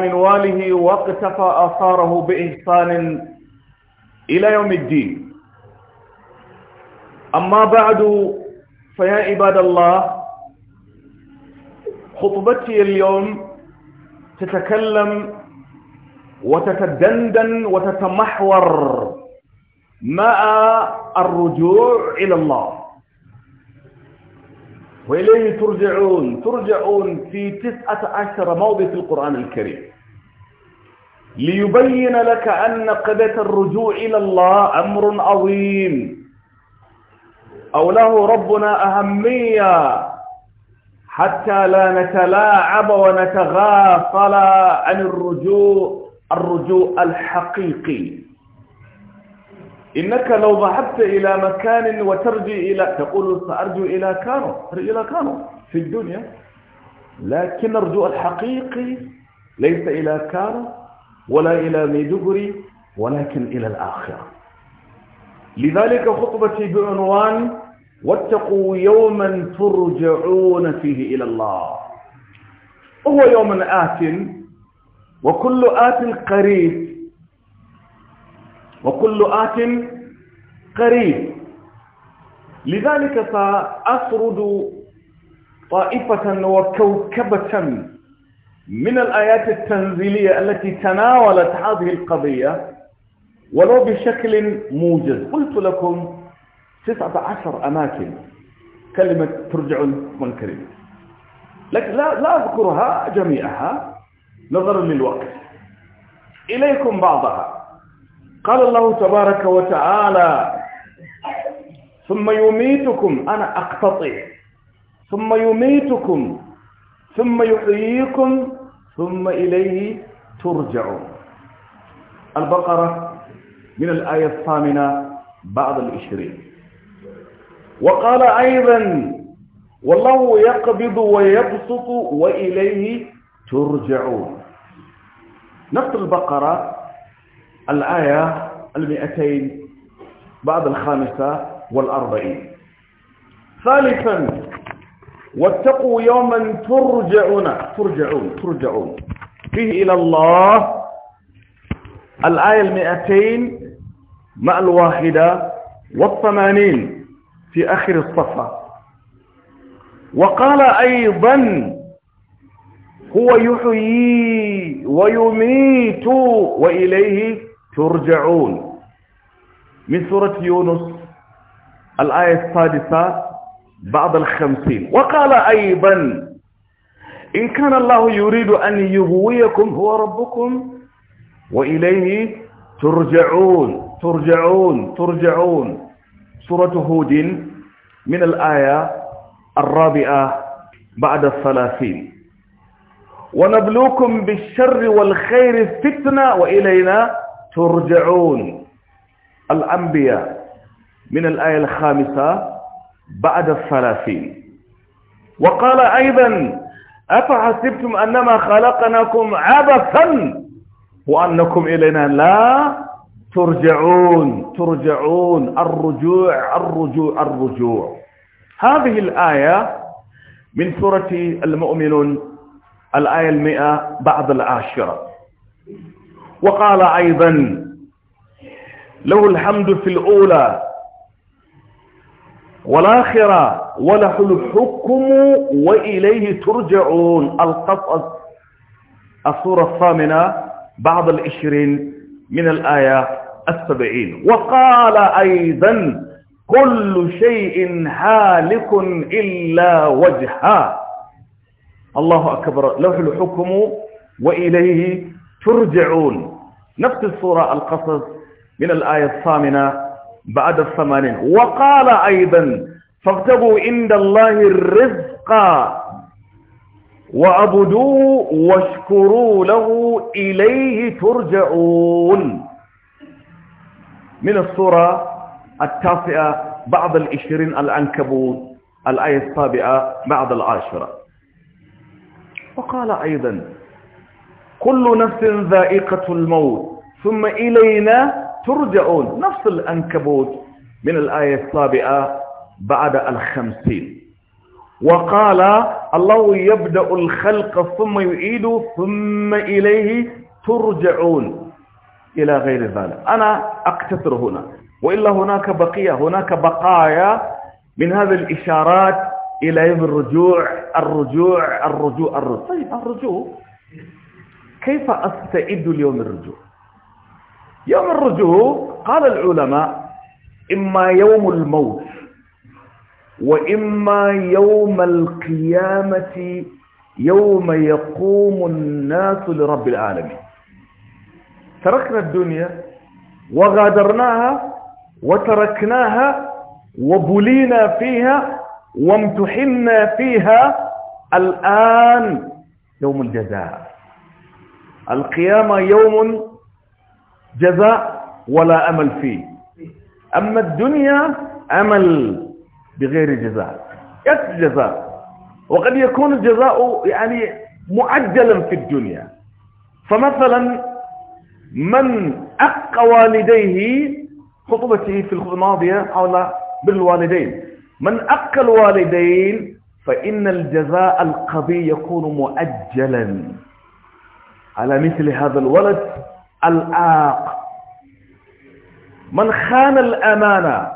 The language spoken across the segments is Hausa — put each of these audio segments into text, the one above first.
من واله واقتفى آثاره بإحسان إلى يوم الدين أما بعد فيا عباد الله خطبتي اليوم تتكلم وتتدندن وتتمحور مع الرجوع إلى الله وإليه ترجعون ترجعون في تسعة عشر موضع في القرآن الكريم ليبين لك أن قضية الرجوع إلى الله أمر عظيم أو له ربنا أهمية حتى لا نتلاعب ونتغافل عن الرجوع الرجوع الحقيقي إنك لو ذهبت إلى مكان وترجي إلى تقول سأرجو إلى كانو إلى كانو في الدنيا لكن الرجوع الحقيقي ليس إلى كانو ولا إلى ميدوغري ولكن إلى الآخرة لذلك خطبتي بعنوان واتقوا يوما ترجعون فيه إلى الله هو يوم آت وكل آت قريب وكل آت قريب لذلك سأسرد طائفة وكوكبة من الآيات التنزيلية التي تناولت هذه القضية ولو بشكل موجز قلت لكم تسعة عشر أماكن كلمة ترجعون كريم لكن لا, لا أذكرها جميعها نظرا للوقت إليكم بعضها قال الله تبارك وتعالى ثم يميتكم أنا أقتطع ثم يميتكم ثم يحييكم ثم إليه ترجعون البقرة من الآية الثامنة بعد العشرين وقال أيضا والله يقبض ويبسط وإليه ترجعون نفس البقرة الآية المئتين بعد الخامسة والأربعين ثالثا واتقوا يوما ترجعون ترجعون ترجعون فيه إلى الله الآية المئتين مع الواحدة والثمانين في آخر الصفة وقال أيضا هو يحيي ويميت وإليه ترجعون من سورة يونس الآية السادسة بعد الخمسين وقال أيضا إن كان الله يريد أن يغويكم هو ربكم وإليه ترجعون ترجعون ترجعون سورة هود من الآية الرابعة بعد الثلاثين ونبلوكم بالشر والخير فتنة وإلينا ترجعون الأنبياء من الآية الخامسة بعد الثلاثين وقال أيضا أفحسبتم أنما خلقناكم عبثا وأنكم إلينا لا ترجعون ترجعون الرجوع الرجوع الرجوع هذه الآية من سورة المؤمنون الآية المئة بعد العاشرة وقال أيضا له الحمد في الأولى والآخرة وله الحكم وإليه ترجعون القطعة الصورة الثامنة بعد العشرين من الآية السبعين وقال أيضا كل شيء هالك إلا وجهه الله أكبر له الحكم وإليه ترجعون نفس السورة القصص من الآية الثامنة بعد الثمانين وقال أيضا فاغتبوا عند الله الرزق وعبدوا واشكروا له إليه ترجعون من السورة التاسعة بعد العشرين العنكبوت الآية السابعة بعد العاشرة وقال أيضا كل نفس ذائقة الموت ثم إلينا ترجعون نفس الأنكبوت من الآية السابعة بعد الخمسين وقال الله يبدأ الخلق ثم يعيد ثم إليه ترجعون إلى غير ذلك أنا أقتصر هنا وإلا هناك بقية هناك بقايا من هذه الإشارات إلى يوم الرجوع الرجوع الرجوع الرجوع طيب الرجوع كيف أستعد ليوم الرجوع يوم الرجوع قال العلماء إما يوم الموت وإما يوم القيامة يوم يقوم الناس لرب العالمين تركنا الدنيا وغادرناها وتركناها وبلينا فيها وامتحنا فيها الآن يوم الجزاء القيامة يوم جزاء ولا أمل فيه أما الدنيا أمل بغير جزاء يأتي جزاء وقد يكون الجزاء يعني معجلا في الدنيا فمثلا من أقى والديه خطبته في الخطبة الماضية حول بالوالدين من أقى الوالدين فإن الجزاء القضي يكون مؤجلا على مثل هذا الولد الآق من خان الأمانة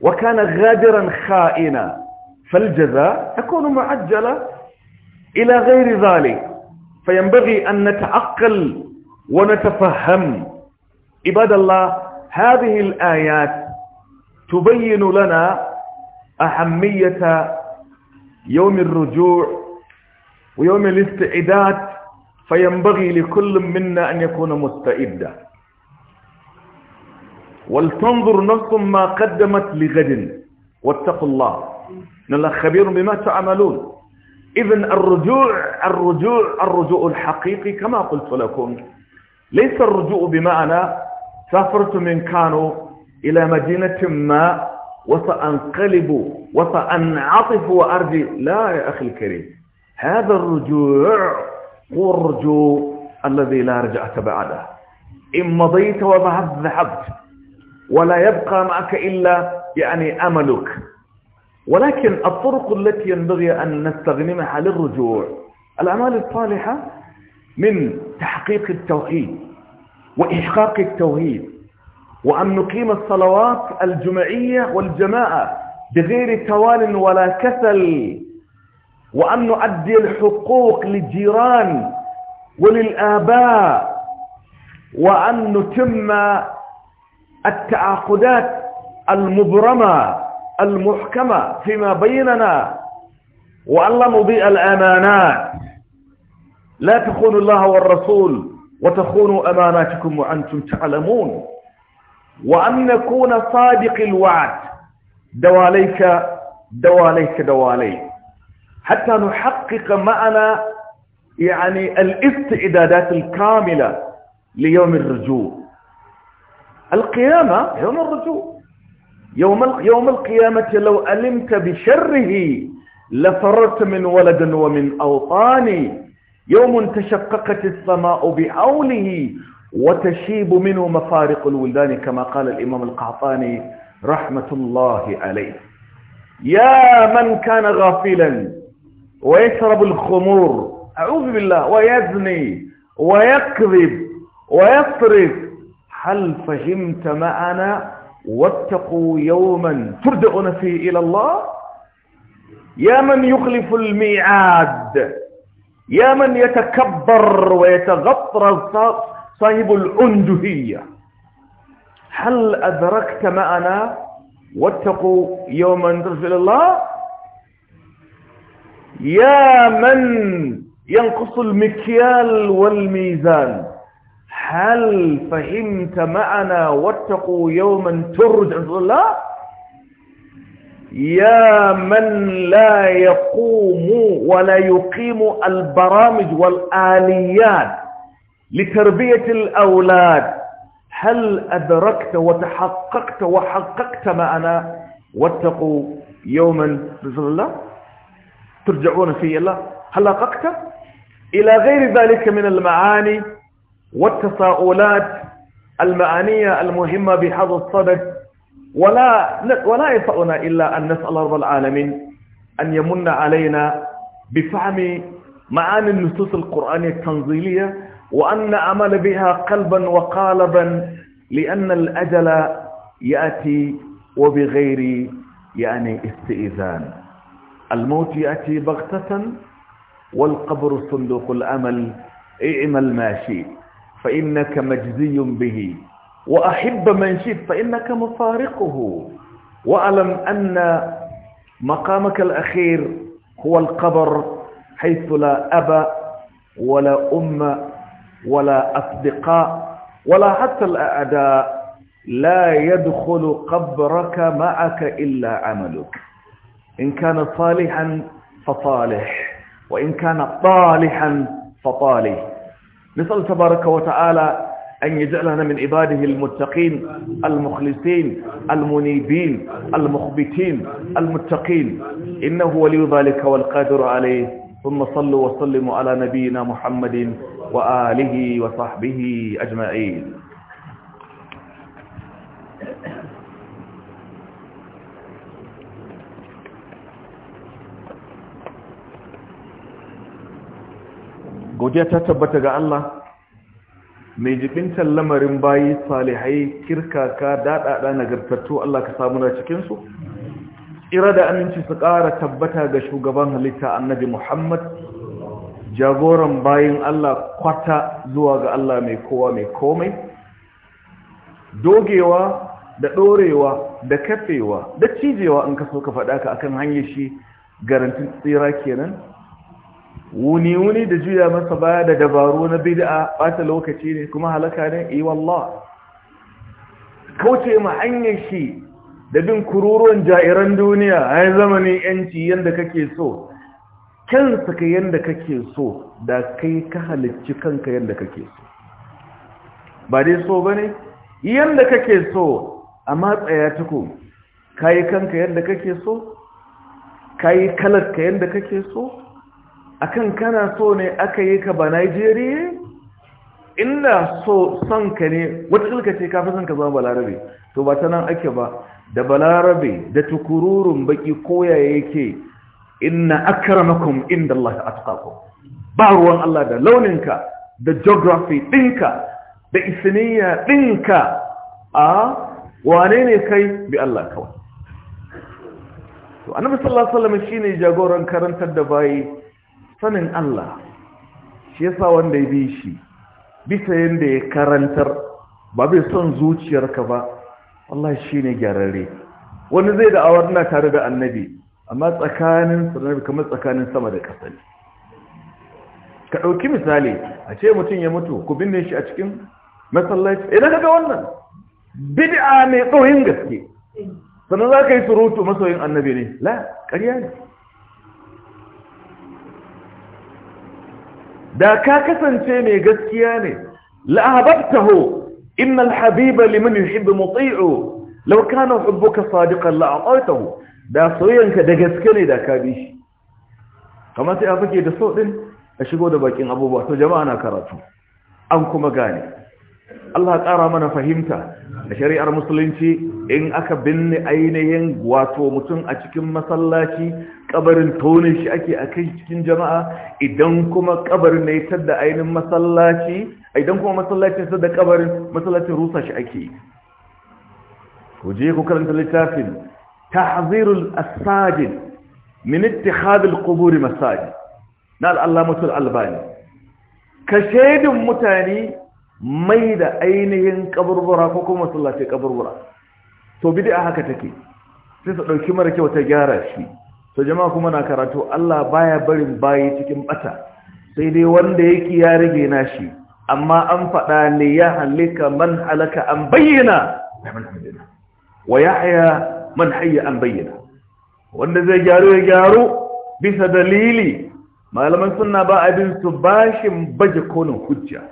وكان غادرا خائنا فالجزاء تكون معجلة إلى غير ذلك فينبغي أن نتعقل ونتفهم عباد الله هذه الآيات تبين لنا أهمية يوم الرجوع ويوم الاستعداد فينبغي لكل منا أن يكون مستعدا ولتنظر نفس ما قدمت لغد واتقوا الله إن الله خبير بما تعملون إذا الرجوع الرجوع الرجوع الحقيقي كما قلت لكم ليس الرجوع بمعنى سافرت من كانو إلى مدينة ما وسأنقلب وسأنعطف وأرجي لا يا أخي الكريم هذا الرجوع وارجو الذي لا رجعة بعده إن مضيت وذهبت ذهبت ولا يبقى معك إلا يعني أملك ولكن الطرق التي ينبغي أن نستغنمها للرجوع الأعمال الصالحة من تحقيق التوحيد وإحقاق التوحيد وأن نقيم الصلوات الجمعية والجماعة بغير توال ولا كسل وأن نؤدي الحقوق للجيران وللآباء وأن نتم التعاقدات المبرمة المحكمة فيما بيننا وأن لا نضيء الأمانات لا تخونوا الله والرسول وتخونوا أماناتكم وأنتم تعلمون وأن نكون صادق الوعد دواليك دواليك دواليك حتى نحقق معنا يعني الاستعدادات الكاملة ليوم الرجوع القيامة يوم الرجوع يوم يوم القيامة لو علمت بشره لفررت من ولد ومن أوطان يوم تشققت السماء بعوله وتشيب منه مفارق الولدان كما قال الإمام القعطاني رحمة الله عليه يا من كان غافلا ويشرب الخمور أعوذ بالله ويزني ويكذب ويصرف هل فهمت معنا واتقوا يوما ترجعون فيه إلى الله يا من يخلف الميعاد يا من يتكبر ويتغطرس صاحب الأندهية هل أدركت معنا واتقوا يوما ترجع إلى الله يا من ينقص المكيال والميزان هل فهمت معنا واتقوا يوما ترجع الله يا من لا يقوم ولا يقيم البرامج والآليات لتربية الأولاد هل أدركت وتحققت وحققت معنا واتقوا يوما رسول الله ترجعون فيه إلى هل أققت إلى غير ذلك من المعاني والتساؤلات المعانية المهمة بهذا الصدد ولا ولا يسعنا إلا أن نسأل رب العالمين أن يمن علينا بفهم معاني النصوص القرآنية التنزيلية وأن نعمل بها قلبا وقالبا لأن الأجل يأتي وبغير يعني استئذان الموت يأتي بغتة والقبر صندوق الأمل اعمل ما شئت فإنك مجزي به وأحب من شئت فإنك مفارقه وألم أن مقامك الأخير هو القبر حيث لا أب ولا أم ولا أصدقاء ولا حتى الأعداء لا يدخل قبرك معك إلا عملك إن كان صالحا فصالح وإن كان طالحا فطالح نسأل تبارك وتعالى أن يجعلنا من عباده المتقين المخلصين المنيبين المخبتين المتقين إنه ولي ذلك والقادر عليه ثم صلوا وسلموا على نبينا محمد وآله وصحبه أجمعين godiya ta tabbata ga Allah mai jibintar lamarin bayi salihai kirkaka daɗaɗa nagartattu Allah ka samu na cikinsu ƙira da aminci su ƙara tabbata ga shugaban halitta annabi Muhammad jagoran bayin Allah kwata zuwa ga Allah mai kowa mai komai dogewa da ɗorewa da kafewa da cijewa in ka so ka faɗa ka akan hanyar shi garantin tsira kenan wuni-wuni da juya masa baya da dabaru na bid'a bata lokaci ne kuma halaka ne iya eh, wallah kauce ma hanyar shi da bin kururuwan jairan duniya a yi zamanin yanci yadda kake so kansa ka yadda kake so da kai ka halicci kanka yadda kake so ba dai so ba ne yadda kake so a matsaya tuku ka kanka yadda kake so ka yi kalarka yadda kake so akan kana so ne aka yi ka ba Najeriya ina so son ka ne wata ka ce kafin son ka zama balarabe to ba ta nan ake ba da balarabe da tukururun baki koya yake inna akramakum inda Allah atqakum ba ruwan Allah da launinka da geography ɗinka da isniya ɗinka a wane ne kai bi Allah kawai to annabi sallallahu alaihi wasallam shine jagoran karantar da bayi sanin Allah shi yasa wanda ya bi shi bisa yadda ya karantar ba bai son zuciyarka ba Allah shi ne gyararre wani zai da awar na tare da annabi amma tsakanin sanarbi kamar tsakanin sama da ƙasa ne ka ɗauki misali a ce mutum ya mutu ku binne shi a cikin masallaci idan ka ga wannan bid'a mai tsoyin gaske sannan za ka yi surutu masoyin annabi ne la ƙarya ne da ka kasance mai gaskiya ne la'ahabtahu innal habiba liman yuhibbu muti'u law kana hubbuka sadiqan la'atahu da soyayyanka da gaske ne da ka bi shi kamar sai a fake da so din a shigo da bakin abubuwa to jama'a na karatu an kuma gane Allah ƙara mana fahimta da shari'ar musulunci in aka binne ainihin wato mutum a cikin masallaci kabarin tone shi ake a kai cikin jama'a idan kuma kabarin yi da ainihin masallaci idan kuma masallaci da kabarin masallacin rusa shi ake ku je ku karanta littafin ta hazirul asajin minitti al kuburi masajid na al'allah allamatul albani ka shaidin mutane mai da ainihin kaburbura ko kuma masallaci kaburbura to bid'a haka take sai su dauki mara kyau ta gyara shi to jama'a kuma na karatu Allah baya barin bayi cikin bata sai dai wanda yake ya rage na shi amma an fada ne ya halika man halaka an bayyana wa yahya man hayya an bayyana wanda zai gyaru ya gyaru bisa dalili malaman sunna ba abin su bashin baje kolin hujja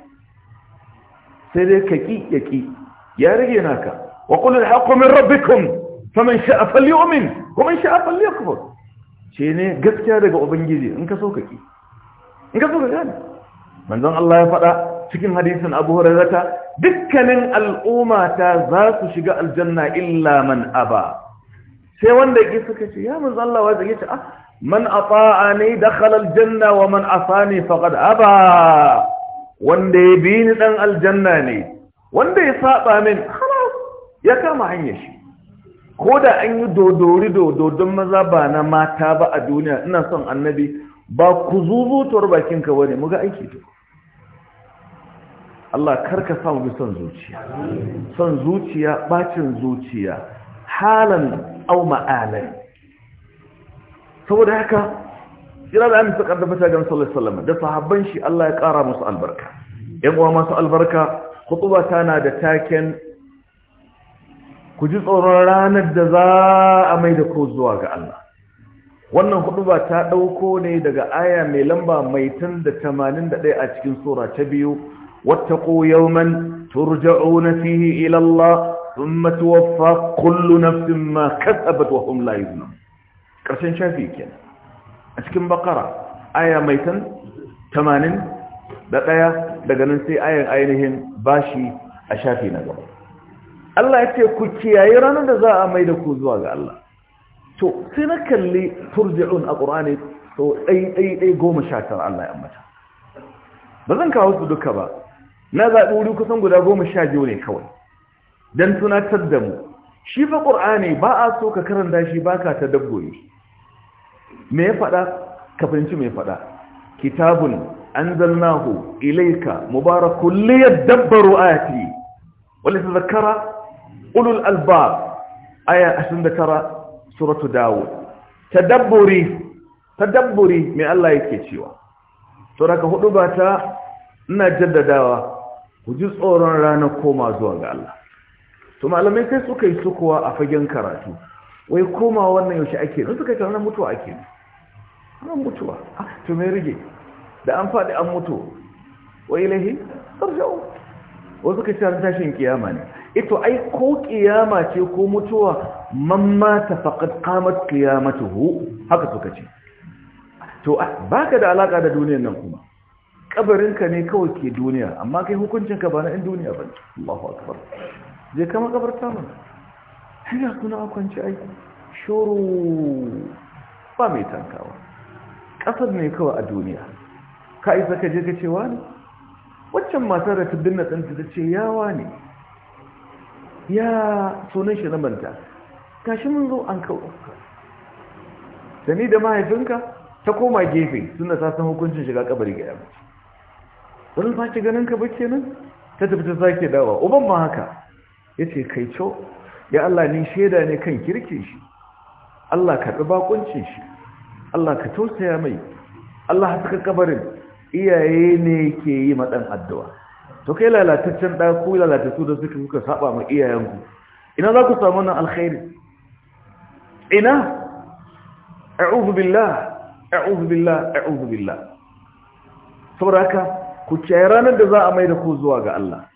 سيركي يكي يا رجيناك وقل الحق من ربكم فمن شاء فليؤمن ومن شاء فليكفر شيني قفتا رجع وبنجيزي انك سوكي انك سوكي يعني من ذن الله يفرع سكين حديث أبو هريرة دكا من الأمة ذات شقاء الجنة إلا من أبا سي وان دي كيسك يا من ذن الله وازي من أطاعني دخل الجنة ومن أفاني فقد أبا wanda ya bi ni dan aljanna ne wanda ya saba min ya kama hanyar shi ko da an yi dodori dododon maza ba na mata ba a duniya ina son annabi ba ku zuzutuwar bakinka ba ne muga aiki to Allah karka samu bi son zuciya son zuciya bacin zuciya halan au ma'alai saboda haka kira da amince kaddafata ga sallallahu alaihi wasallam da sahabban shi Allah ya kara musu albarka yan uwa masu albarka khutuba tana da taken ku ji tsoron ranar da za a mai da ku zuwa ga Allah wannan khutuba ta dauko ne daga aya mai lamba mai tun da 81 a cikin sura ta biyu wattaqu yawman turja'una fihi ila Allah ثم توفى كل نفس ما كسبت وهم لا يظلمون ƙarshen shafi kenan a cikin bakara aya mai tan tamanin da ɗaya daga nan sai ayan ainihin bashi a shafi na gaba Allah ya ce ku kiyaye ranar da za a mai da ku zuwa ga Allah to sai na kalli turji'un a ƙur'ani so ɗai goma sha Allah ya ambata ba zan kawo su duka ba na zaɓi wuri kusan guda goma sha biyu ne kawai don tunatar da mu shi fa ƙur'ani ba a so ka karanta shi ba ka ta dabbori me ya faɗa ka fahimci me ya faɗa kitabun anzalnahu ilayka mubarakun yadabbaru ayati wal tadhakkara ulul albab aya 29 suratu daud tadabburi tadabburi me Allah yake cewa to daga hudu ba ta ina jaddadawa ku ji tsoron ranar koma zuwa ga Allah to malamai sai suka yi sukuwa a fagen karatu wai koma wannan yaushe ake nan suka ce ranar mutuwa ake ranar mutuwa ah, to me rige da an faɗi an mutu wai ilahi sarja'u wasu suka ce tashin kiyama ne ito eh, ai ko kiyama ce ko mutuwa man mata faqad qamat qiyamatuhu haka suka ce to ah, baka da alaka da duniyar nan kuma Ƙabarinka ne kawai ke duniya amma kai hukuncinka ba na in duniya ba Allahu akbar je kama ta mana haka kuna kwanci aiki Shoro, ba mai tankawa ƙasar ne kawai a duniya ka isa ka je ka cewa wani? waccan matar da ta dinna tsanta ta ce yawa ne ya sunan shi na manta gashi mun zo an kawo da ni da mahaifinka ta koma gefe suna ta hukuncin shiga kabari ga yamma wani ba ki ganin ka ba kenan ta tafi ta sake dawa uban ma haka ya ce kai co ya Allah ni shaida ne kan kirkin shi Allah ka ɗi bakuncin shi Allah ka tausaya mai Allah haska kabarin iyaye ne ke yi maɗan addu'a to kai lalataccen ɗaku lalatattu da suka suka saba ma iyayenku ina za ku samu nan alkhairi ina a'udhu billah a'udhu billah a'udhu billah saboda haka ku kiyaye ranar da za a mai da ku zuwa ga Allah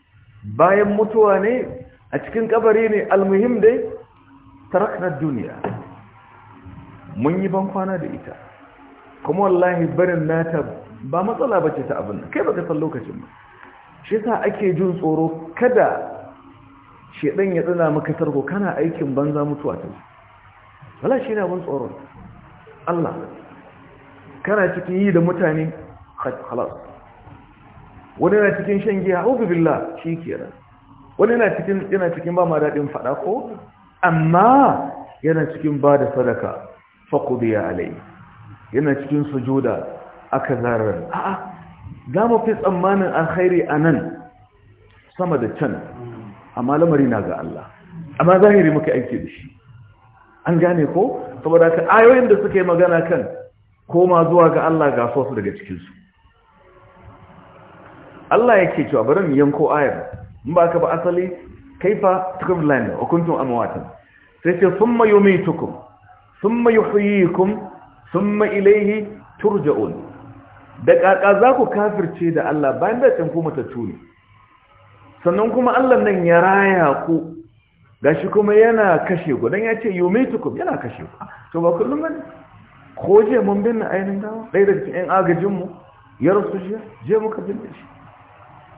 bayan mutuwa ne a cikin kabari ne almuhim dai tarakna duniya mun yi ban kwana da ita kuma wallahi barin nata ba matsala bace ta abin kai baka san lokacin ba shi yasa ake jin tsoro kada shedan ya tsina maka tarko kana aikin banza mutuwa ta wala shi ne abin tsoron Allah kana cikin yi da mutane khalas wani na cikin shan giya auzu billah shi kenan wani yana cikin ba ma daɗin faɗa ko amma yana cikin ba da sadaka faƙudiya alai yana cikin sujuda aka zarar a'a za mu fi tsammanin alkhairi a nan sama da can amma lamari na ga Allah amma zahiri muka aiki da shi an gane ko saboda ka ayoyin da suka yi magana kan koma zuwa ga Allah ga sosu daga cikinsu Allah yake cewa bari mu yanko ayar in ba ka ba asali kaifa tukublani wa kuntum amwatan sai ce thumma yumitukum thumma yuhyikum thumma ilayhi turja'un da kaka za ku kafirce da Allah bayan da can ku matattu sannan kuma Allah nan ya raya ku gashi kuma yana kashe ku dan ya ce yumitukum yana kashe ku to ba kullum bane ko je mun binne ainin dawo dai daga cikin agajin mu ya rasu shi je muka binne shi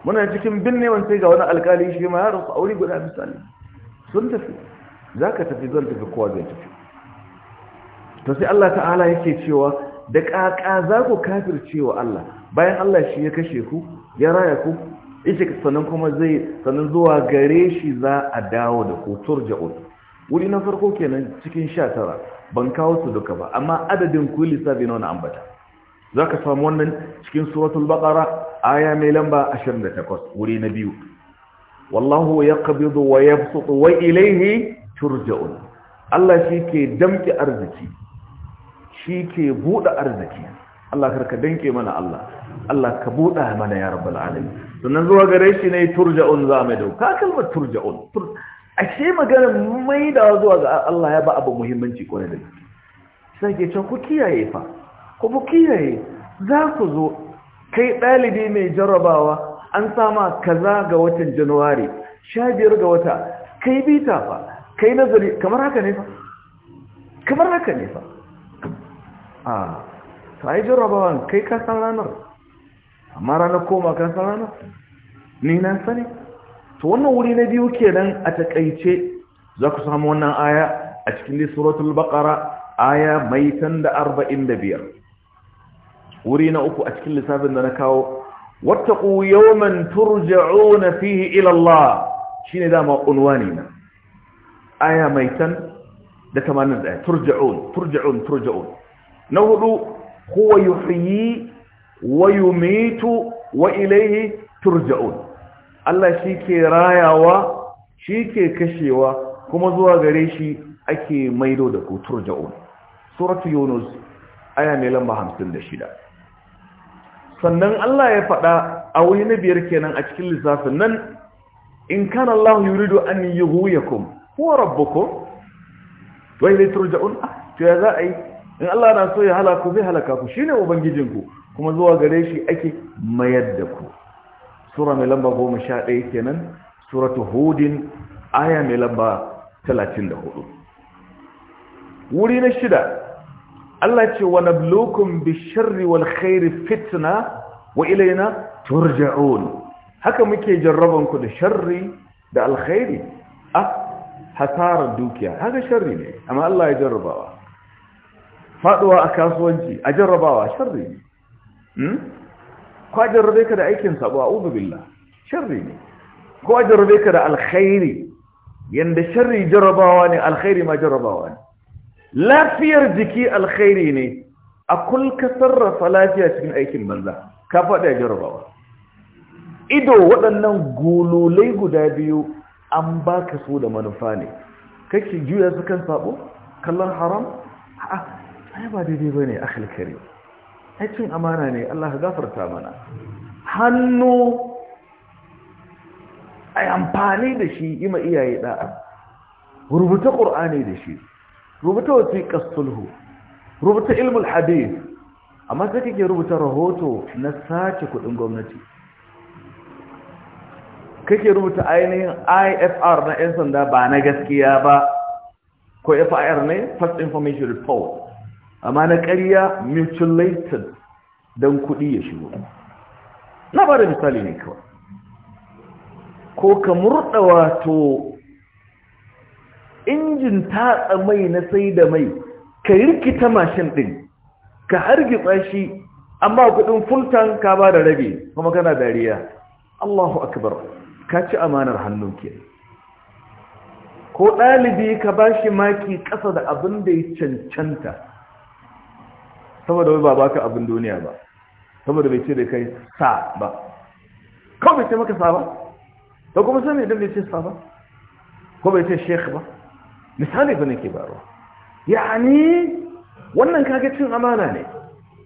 muna cikin binnewan sai ga wani alkali shi ma ya rasu aure guda misali sun tafi za ka tafi zan tafi kowa zai tafi to sai Allah ta'ala yake cewa da ƙaƙa za ku kafircewa Allah bayan Allah shi ya kashe ku ya raya ku ita sannan kuma zai sannan zuwa gare shi za a dawo da ku turja'un wuri na farko kenan cikin sha tara, ban kawo su duka ba amma adadin ku lissafi na ambata za ka samu wannan cikin suratul baqara aya mai lamba da takwas wuri na biyu wallahu kabizu wa yabsutu wa ilaihi turja'un Allah shi ke damke arziki shi ke buɗe arziki Allah karka danke mana Allah Allah ka buɗa mana ya rabbal alamin sannan zuwa gare shi ne turja'un za mai Ka kalmar turja'un ashe magana mai da zuwa ga Allah ya ba abu muhimmanci kwarai da gaske sai ke can ku kiyaye fa kuma kiyaye za ku zo kai ɗalibi mai jarrabawa an sama kaza ga watan januwari sha biyar ga wata kai bita fa kai nazari kamar haka ne fa kamar haka ne fa a ta yi jarrabawan kai kasan ranar amma ranar koma kasan ranar ni na sani to wannan wuri na biyu kenan a takaice za ku samu wannan aya a cikin suratul baqara aya mai da arba'in da biyar wuri na uku a cikin lissafin da na kawo wattaqu yawman turja'una fihi ila Allah shine dama unwani na aya mai tan da 81 turja'un turja'un turja'un na hudu yi yuhyi wa yumitu wa ilayhi turja'un Allah shi ke rayawa shi ke kashewa kuma zuwa gare shi ake maido da ku suratu yunus aya mai lamba shida. sannan Allah ya faɗa a wuri na biyar kenan a cikin lissafin nan in kana Allah yuridu an yughwiyakum huwa rabbukum wa ilayhi turja'un ah, to ya za a yi in Allah na so ya halaku zai halaka ku shine ubangijinku kuma zuwa gare shi ake mayar da ku sura mai lamba goma sha ɗaya kenan suratu hudin aya mai lamba talatin da hudu. wuri na shida Allah ce wa nablukum bisharri wal khairi fitna wa ilayna turja'un haka muke jarraban ku da sharri da alkhairi ah hasarar dukiya haka sharri ne amma Allah ya jarrabawa faduwa a kasuwanci a jarrabawa sharri ne ko a jarrabe ka da aikin sabo a'udhu billah sharri ne ko a jarrabe ka da alkhairi yanda sharri jarrabawa ne alkhairi ma jarrabawa ne lafiyar jiki alkhairi ne a kulka sarrafa lafiya cikin aikin banza ka faɗa jarabawa ido waɗannan gululai guda biyu an baka so da manufa ne kake juya su kan sabo kallon haram a'a ai ba daidai ba ne a halkari aikin amana ne Allah ya gafarta mana hannu ai amfani da shi yi ma iyaye da'a rubuta qur'ani da shi rubuta wasiƙar sulhu rubuta ilmul hadith amma sai kake rubuta rahoto na sace kudin gwamnati kake rubuta ainihin IFR na 'yan sanda ba na gaskiya ba ko FIR ne first information report amma na ƙarya mutilated don kuɗi ya shigo na ba misali ne kawai ko ka murɗa wato injin tatsa mai na sai da mai ka rikita mashin ɗin ka hargitsa shi amma kudin fultan ka ba da rabi kuma kana dariya Allahu akbar ka ci amanar hannun ke ko ɗalibi ka ba shi maki ƙasa da abin da ya cancanta saboda wai ba baka abin duniya ba saboda bai ce da kai sa ba kawai bai ce maka sa ba da kuma sami idan bai ce sa ba ko bai ce sheikh ba misali ba nake baro yani wannan kaga cin amana ne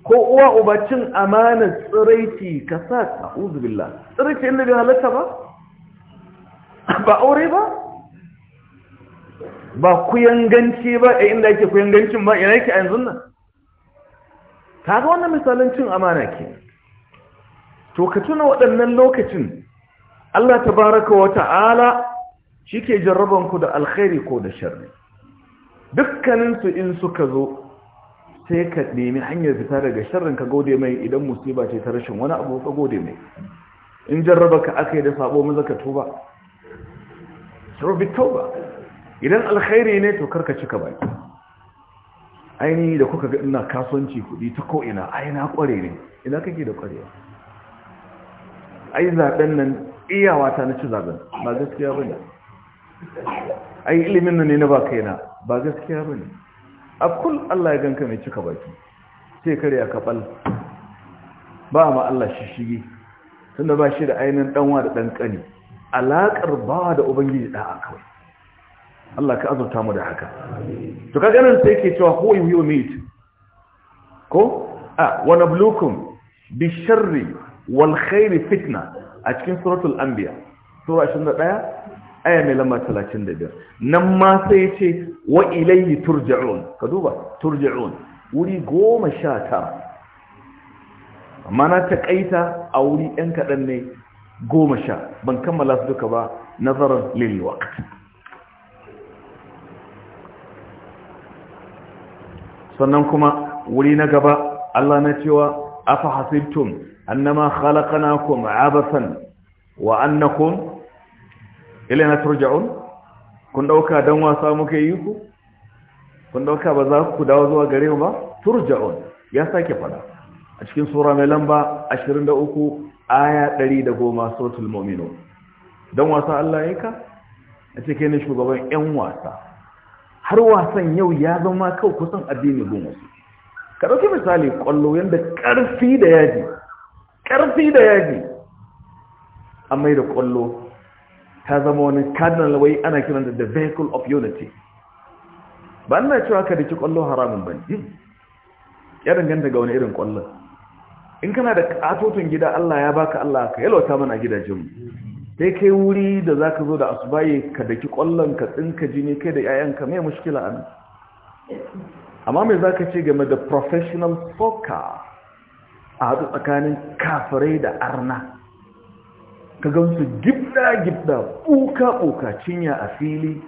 ko uwa uba cin amana tsiraiti ka sa a'udhu billah tsiraiti inda bai halatta ba ba aure ba ba kuyanganci ba a eh, inda yake kuyangancin ba ina yake a yanzu nan kaga wannan misalin cin amana ke to ka tuna waɗannan lokacin Allah tabaraka wa ta'ala shi ke jarrabanku da alkhairi ko da sharri dukkaninsu in suka zo sai ka nemi hanyar fita daga sharrin ka gode mai idan musiba ce ta rashin wani abu ka gode mai in jarraba ka aka yi da sabo maza ka tuba surbi tauba idan alkhairi ne to karka cika ba Aini da kuka ga ina kasuwanci kudi ta ko'ina ai na kware ne ina kake da kwarewa ai zaben nan iyawa ta na ci zaben ba gaskiya bane ai ilimin nan ne na baka yana ba gaskiya ba ne a kul Allah ya ganka mai cika baki sai kare ya kaɓal ba ma Allah shishigi tun da ba shi da ainihin ɗanwa da ɗan ƙani alaƙar ba da ubangiji ɗa'a kawai Allah ka azurta mu da haka to ka ganin sai ke cewa who you meet ko a wani nablukum bi sharri wal khairi fitna a cikin suratul anbiya sura 21 aya mai lamba 35 nan ma sai ce wa ilayhi turja'un ka duba turja'un wuri goma sha tara Mana taƙaita a wuri ɗan kaɗan ne goma sha ban kammala su duka ba nazarin lilwa. sannan kuma wuri na gaba Allah na cewa afa hasibtum annama khalaqnakum abasan wa annakum ilaina turja'un kun dauka dan wasa muka yi ku kun dauka ba za ku dawo zuwa gare mu ba turja'un ya sake fada a cikin sura mai lamba 23 aya 110 suratul mu'minun dan wasa Allah yake a cikin ne shugaban yan wasa har wasan yau ya zama kau kusan addini gun su? ka dauki misali kwallo yanda karfi da yaji karfi da yaji an da kwallo ta zama wani cardinal wai ana kiran da the vehicle of unity ba na cewa ka da ki kwallo haramun ba ne ya danganta ga wani irin kwallo in kana da katotun gida Allah ya baka Allah ka yalwata mana gidajen mu sai kai wuri da za ka zo da asubaye ka ki kwallon ka tsinka jini kai da 'ya'yanka mai mushkila a amma mai za ka ce game da professional soccer a haɗu tsakanin kafirai da arna ka gansu gibda-gibda buka buka cinya a fili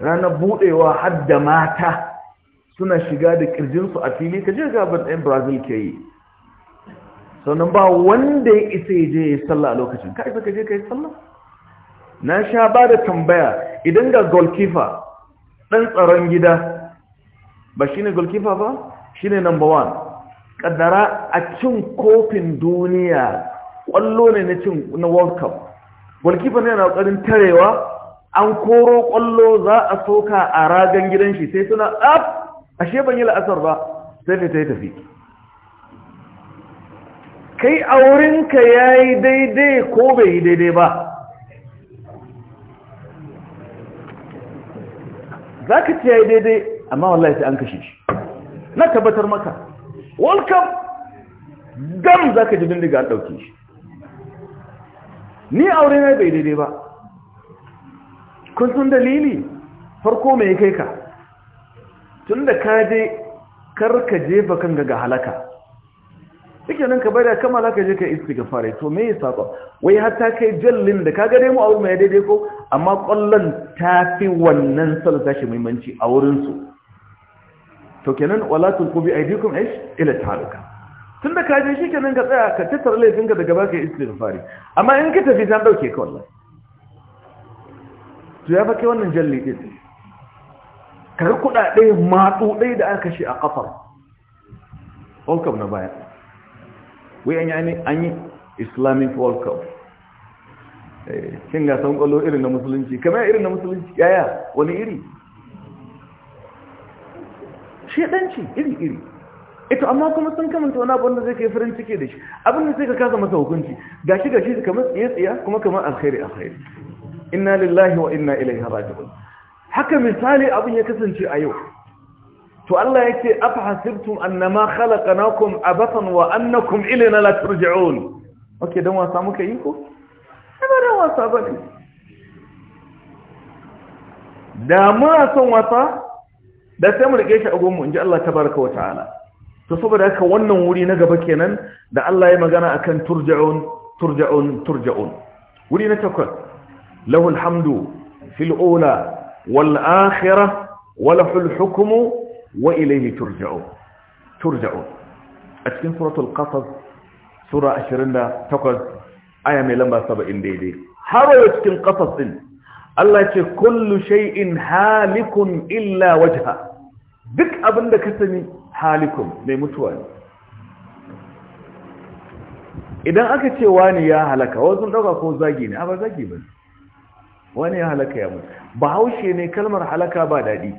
ranar buɗewa har da mata suna shiga da ƙirjinsu a fili ka je gaban ɗayan brazil ke yi sannan ba wanda ya isa ya je ya yi a lokacin ka isa ka je ka yi sallah na sha ba da tambaya idan ga golkifa ɗan tsaron gida ba shi ne ba shi ne number one ƙaddara a cin kofin duniya ƙwallo ne na cin na world cup golkifa ne na ƙarin tarewa an koro ƙwallo za a soka a ragan gidan shi sai suna af ashe ban yi la'asar ba sai fita ya tafi kai a wurinka ya yi daidai ko bai yi daidai ba za ka ce ya yi daidai amma wallahi sai an kashe shi na tabbatar maka world cup gam za ka ji dindiga an ɗauke shi ni aure na bai daidai ba kun dalili farko mai kai ka tun da ka je karka jefa kan ga halaka suke nan ka bada kama za ka je ka isti ga fara to me yasa wai hatta kai jallin da ka gare mu aure mai daidai ko amma kwallon ta fi wannan salata shi muhimmanci a wurinsu to kenan wala kubi aidikum ish ila taluka tun da kaji shi kenan ka tsaya ka tattara laifinka daga baka istighfari amma in ka tafi san dauke ka wallahi to ya fake wannan jalli din kar kudade matu dai da aka shi a kafar world cup na baya wai an yi an yi islamic world cup eh, kin ga san kwallo irin na musulunci kamar irin na musulunci yaya wani iri shedanci iri iri ita amma kuma sun kamanta wani abu wanda zai kai farin ciki da shi abin da sai ka kasa masa hukunci gashi gashi kamar tsiye tsiya kuma kamar alkhairi alkhairi inna lillahi wa inna ilaihi raji'un haka misali abin ya kasance a yau to Allah yake afa hasibtum annama khalaqnakum abatan wa annakum ilaina la turji'un okay dan wasa muka yi ko ba dan wasa ba bane da muna son wasa da sai mu rike shi a gonmu inji Allah tabaraka wa ta'ala to saboda haka wannan wuri na gaba kenan da Allah ya magana akan turja'un turja'un turja'un wuri na takwas lahul hamdu fil ula wal akhirah wa lahul hukmu wa ilayhi turja'un turja'un a cikin suratul qasas sura 28 aya mai lamba 70 daidai har yau cikin qasas din Allah ce kullu shay'in halikun illa wajha duk abinda ka sani halikun mai mutuwa ne idan aka ce wani ya halaka wasu ɗauka ko zagi ne a ba zagi ba wani ya halaka ya mutu ba haushe ne kalmar halaka ba daɗi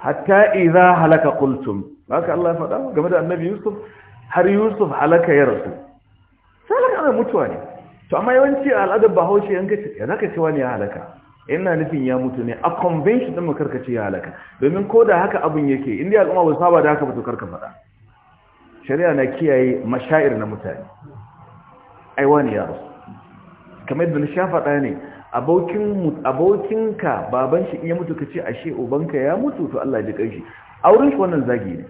hatta iza halaka kultum ka Allah ya faɗa game da annabi yusuf har yusuf halaka ya rasu sai halaka mai mutuwa ne to amma yawanci a al'adar ba haushe yanka ce ce wani ya halaka ina nufin ya mutu ne a convention din makarkaci ya halaka domin ko da haka abin yake inda al'umma ba saba da haka ba to karka faɗa shari'a na kiyaye mashair na mutane aiwani ya rasu kamar yadda na sha faɗa ne abokinka baban shi iya mutu ka ce ashe ubanka ya mutu to Allah ji kanshi auren shi wannan zagi ne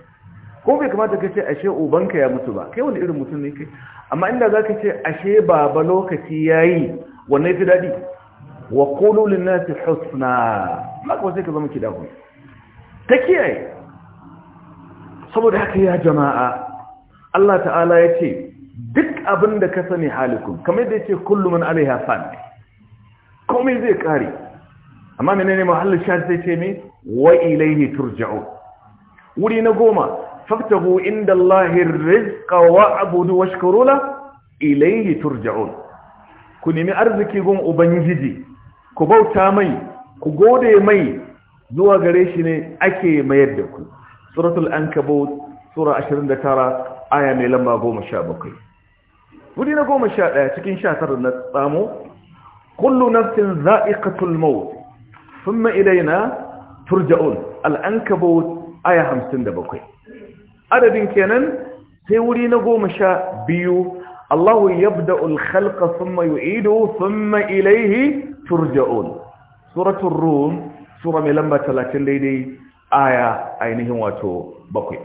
ko bai kamata ka ce ashe ubanka ya mutu ba kai wani irin mutum ne kai amma inda zaka ce ashe baba lokaci yayi yi wannan fi daɗi wa qulu lin husna maka ka zama ki dahu ta kiyaye saboda haka ya jama'a Allah ta'ala ya ce duk abin da ka sani halikun kamar da ya ce kullum alaiha fan komai zai kare amma menene mahallin shahid sai ce me wa ilaihi turja'u wuri na goma faftahu inda Allahi rizqa wa abudu wa la, ilaihi turja'un ku nemi arziki gun ubangiji ku bauta mai ku gode mai zuwa gare shi ne ake mayar da ku suratul ankabut sura 29 aya mai lamba 17 wuri na 11 cikin 19 na tsamo kullu nafsin za'iqatul maut thumma ilayna turja'un al-ankabut aya 57 adadin kenan sai wuri na 12 Allahu yabda'u al-khalqa thumma yu'idu thumma ilayhi turja'un suratul rum sura mai lamba 30 daidai aya ainihin wato bakwai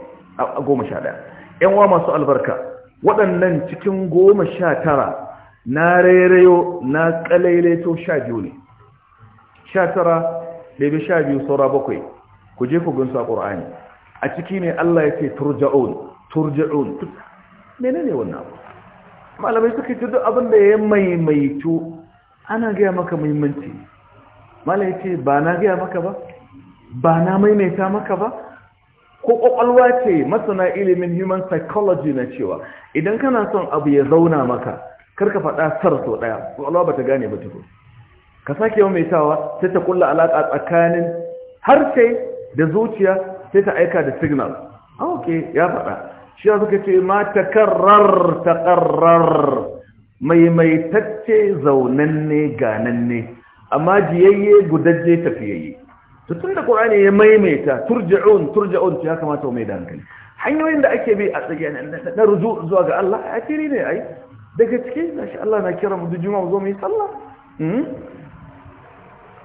goma sha daya yan wa masu albarka waɗannan cikin goma sha tara na rairayo na sha biyu ne Sha 19 daidai biyu saura bakwai, ku je ku gunsa ƙura'ani a ciki ne Allah ya ce turja'un turja'un menene wannan malamai suka ji duk abin da ya maimaitu ana gaya maka muhimmanci malai ce ba na gaya maka ba ba na maimaita maka ba ko ƙwaƙwalwa ce masana ilimin human psychology na cewa idan kana son abu ya zauna maka karka faɗa sar so ɗaya kwakwalwa ba ta gane ba tuku ka sake yau maitawa sai ta kulla alaƙa tsakanin harshe da zuciya sai ta aika da signal ah, ok ya faɗa shi ya suka ce ma ta ta karar maimaitacce zaunanne gananne amma jiyayye gudajje tafiyayye to tunda qur'ani ya maimaita turja'un turja'un ya kamata mai da hankali hanyoyin da ake bi a tsakiya na ruju zuwa ga Allah a tiri ne ai daga ciki shi Allah na kira mu juma'a zo mu yi sallah hmm?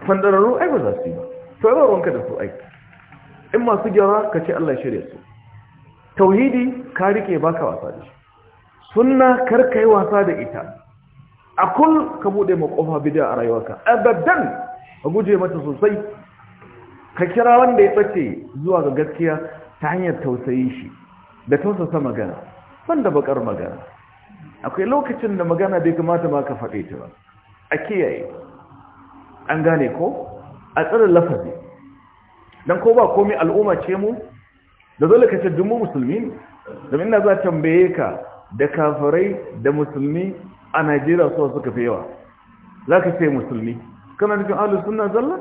fandararru ai ba za su yi ba to ai ba ruwanka da su ai in masu gyara ka ce Allah shirya su tauhidi ka rike baka wasa da shi sunna karka yi wasa da ita a kul ka buɗe makofa bidiyar a rayuwarka daddan a guje mata sosai ka kira wanda ya ɓace zuwa ga gaskiya ta hanyar tausayi shi da tausasa magana ban da bakar magana akwai lokacin da magana bai kamata ma ka faɗe ta ba a kiyaye an gane ko a tsarin lafazi don ko ba komai al'umma ce mu da zole ka ce dummu musulmi domin na za tambaye ka da kafirai da musulmi a najeriya suwa suka fi yawa za ka ce musulmi kana nufin alu suna zalla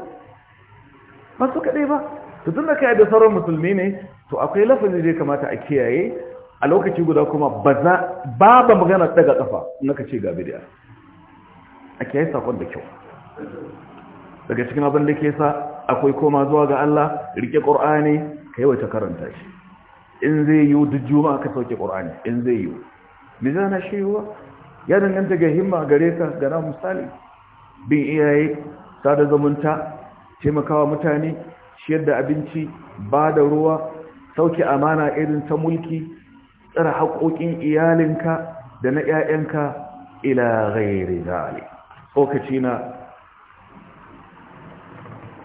ba su kaɗai ba to tun da ka yi da sauran musulmi ne to akwai lafazin da kamata a kiyaye a lokaci guda kuma ba ba magana daga kafa na ka ce ga bidiyar a kiyaye sakon da kyau daga cikin abin da ke sa akwai koma zuwa ga Allah rike ƙur'ani ka yi yawaita karanta shi in zai yiwu duk juma'a ka sauke ƙur'ani in zai yiwu me zana shewa ya danganta ga himma gare ka ga na misali bin iyaye sada zumunta taimakawa mutane ciyar da abinci ba da ruwa sauke amana irin ta mulki tsara haƙoƙin iyalinka da na 'ya'yanka ila ghairi zali tsokaci na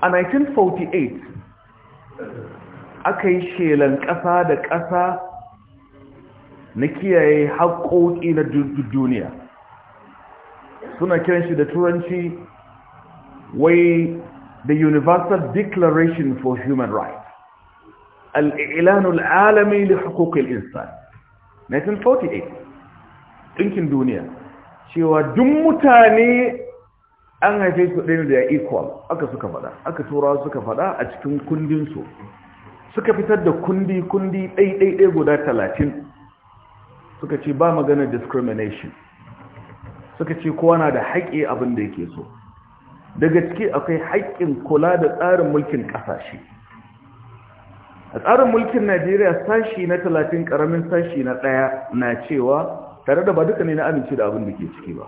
a 1948 aka yi shelan ƙasa da ƙasa na kiyaye haƙoƙi na duniya suna kiran shi da turanci wai the universal declaration for human rights al'ilan al'alami da haƙoƙin insan 1948 ɗinkin duniya cewa duk mutane an haife su ɗaya da equal aka suka faɗa aka tura suka faɗa a cikin kundinsu suka fitar da kundi-kundi dai guda talatin suka ce ba maganar discrimination suka ce kowa na da haƙƙi abin da yake so daga ciki akwai haƙƙin kula da tsarin mulkin ƙasashe a tsarin mulkin najeriya sashi na talatin ƙaramin sashi na ɗaya na cewa tare da ba duka ne na amince da abin da ke ciki ba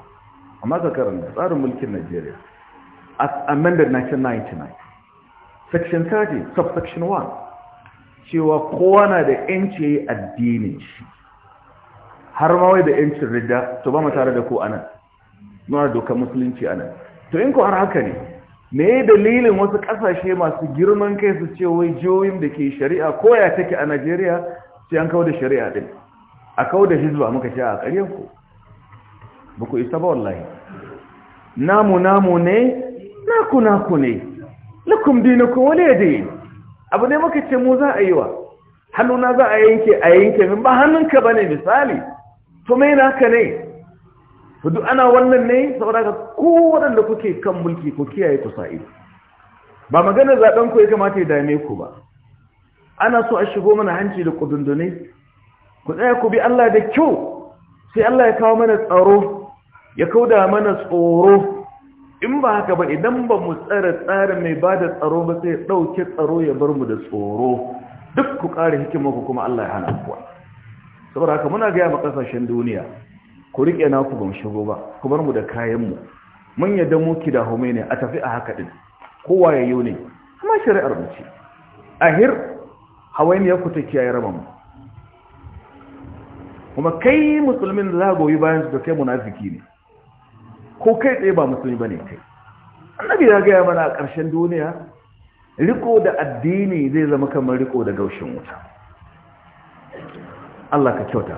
amma ka karanta tsarin mulkin najeriya as amended 1999 section 30 subsection 1 cewa kowa na da 'yanci addinin shi har ma wai da yancin ridda to ba mu tare da ku anan muna dokar musulunci anan to in ko har haka ne me dalilin wasu kasashe masu girman kai su ce wai jihohin da ke shari'a ko ya take a Najeriya sai an kawo da shari'a din a kawo da hizba muka sha a ƙaryar ku ba ku isa ba wallahi namu namu ne naku naku ne ku wani ya dai abu ne muka ce mu za a yi wa hannuna za a yanke a yanke min ba hannunka ba ne, misali to mai na haka ne to duk ana wannan ne saboda ka ku waɗanda kuke kan mulki ko kiyaye ku sa'i ba magana zaben ku ya kamata ya dame ku ba ana so a shigo mana hanci da kudundune ku tsaya ku bi Allah da kyau sai Allah ya kawo mana tsaro ya kauda mana tsoro in ba haka ba idan ba mu tsara tsarin mai ba da tsaro ba sai ya ɗauke tsaro ya bar mu da tsoro duk ku ƙara hikima kuma Allah ya hana kuwa saboda haka muna gaya ma kasashen duniya ku riƙe na ba mu shigo ba ku bar mu da kayanmu mun yadda mu ki da home ne a tafi a haka din kowa ya yi ne kuma shari'ar mu ce ahir ya ku take kiyaye mu kuma kai musulmin da za goyi bayan su da kai munafiki ne ko kai tsaye ba musulmi bane kai annabi ya gaya mana a ƙarshen duniya riko da addini zai zama kamar riko da gaushin wuta الله كتوتا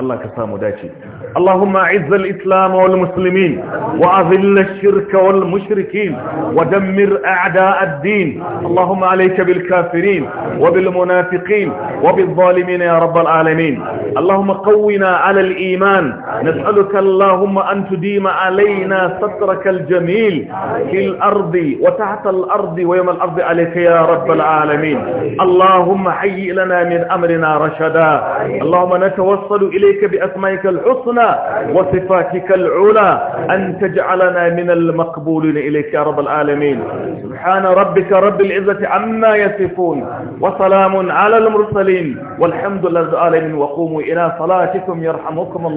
الله كسامو داشي اللهم عز الإسلام والمسلمين وأذل الشرك والمشركين ودمر أعداء الدين اللهم عليك بالكافرين وبالمنافقين وبالظالمين يا رب العالمين اللهم قونا على الإيمان نسألك اللهم أن تديم علينا سترك الجميل في الأرض وتحت الأرض ويوم الأرض عليك يا رب العالمين اللهم حي لنا من أمرنا رشدا اللهم نتوصل إليك بأسمائك الحسنى وصفاتك العلى أن تجعلنا من المقبولين إليك يا رب العالمين سبحان ربك رب العزة عما يصفون وسلام على المرسلين والحمد لله وقوموا إلى صلاتكم يرحمكم الله